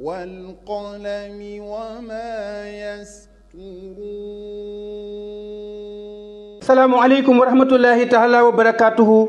والقلم وما يسطرون السلام عليكم ورحمة الله تعالى وبركاته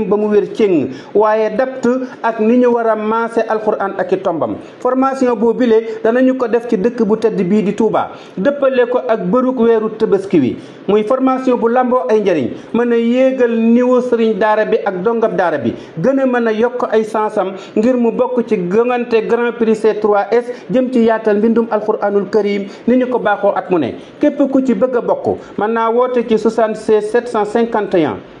ba mu wér céng waaye dapt ak ni ñu war a maase alxuraan ak i tombam formation boo bilee danañu ko def ci dëkk bu tedd bii di Touba dëppale ko ak bëru weeru tëbaski wi muy formation bu lamboo ay njëriñ mën a yéegal niveau sëriñ daara bi ak dongab daara bi gën a mën a yokk ay sansam ngir mu bokk ci gëngante grand prix c 3 jëm ci yaatal mbindum alxuraanul karim ni ñu ko baaxoo ak mu ne képp ku ci bëgg a bokk mën naa woote ci 76 751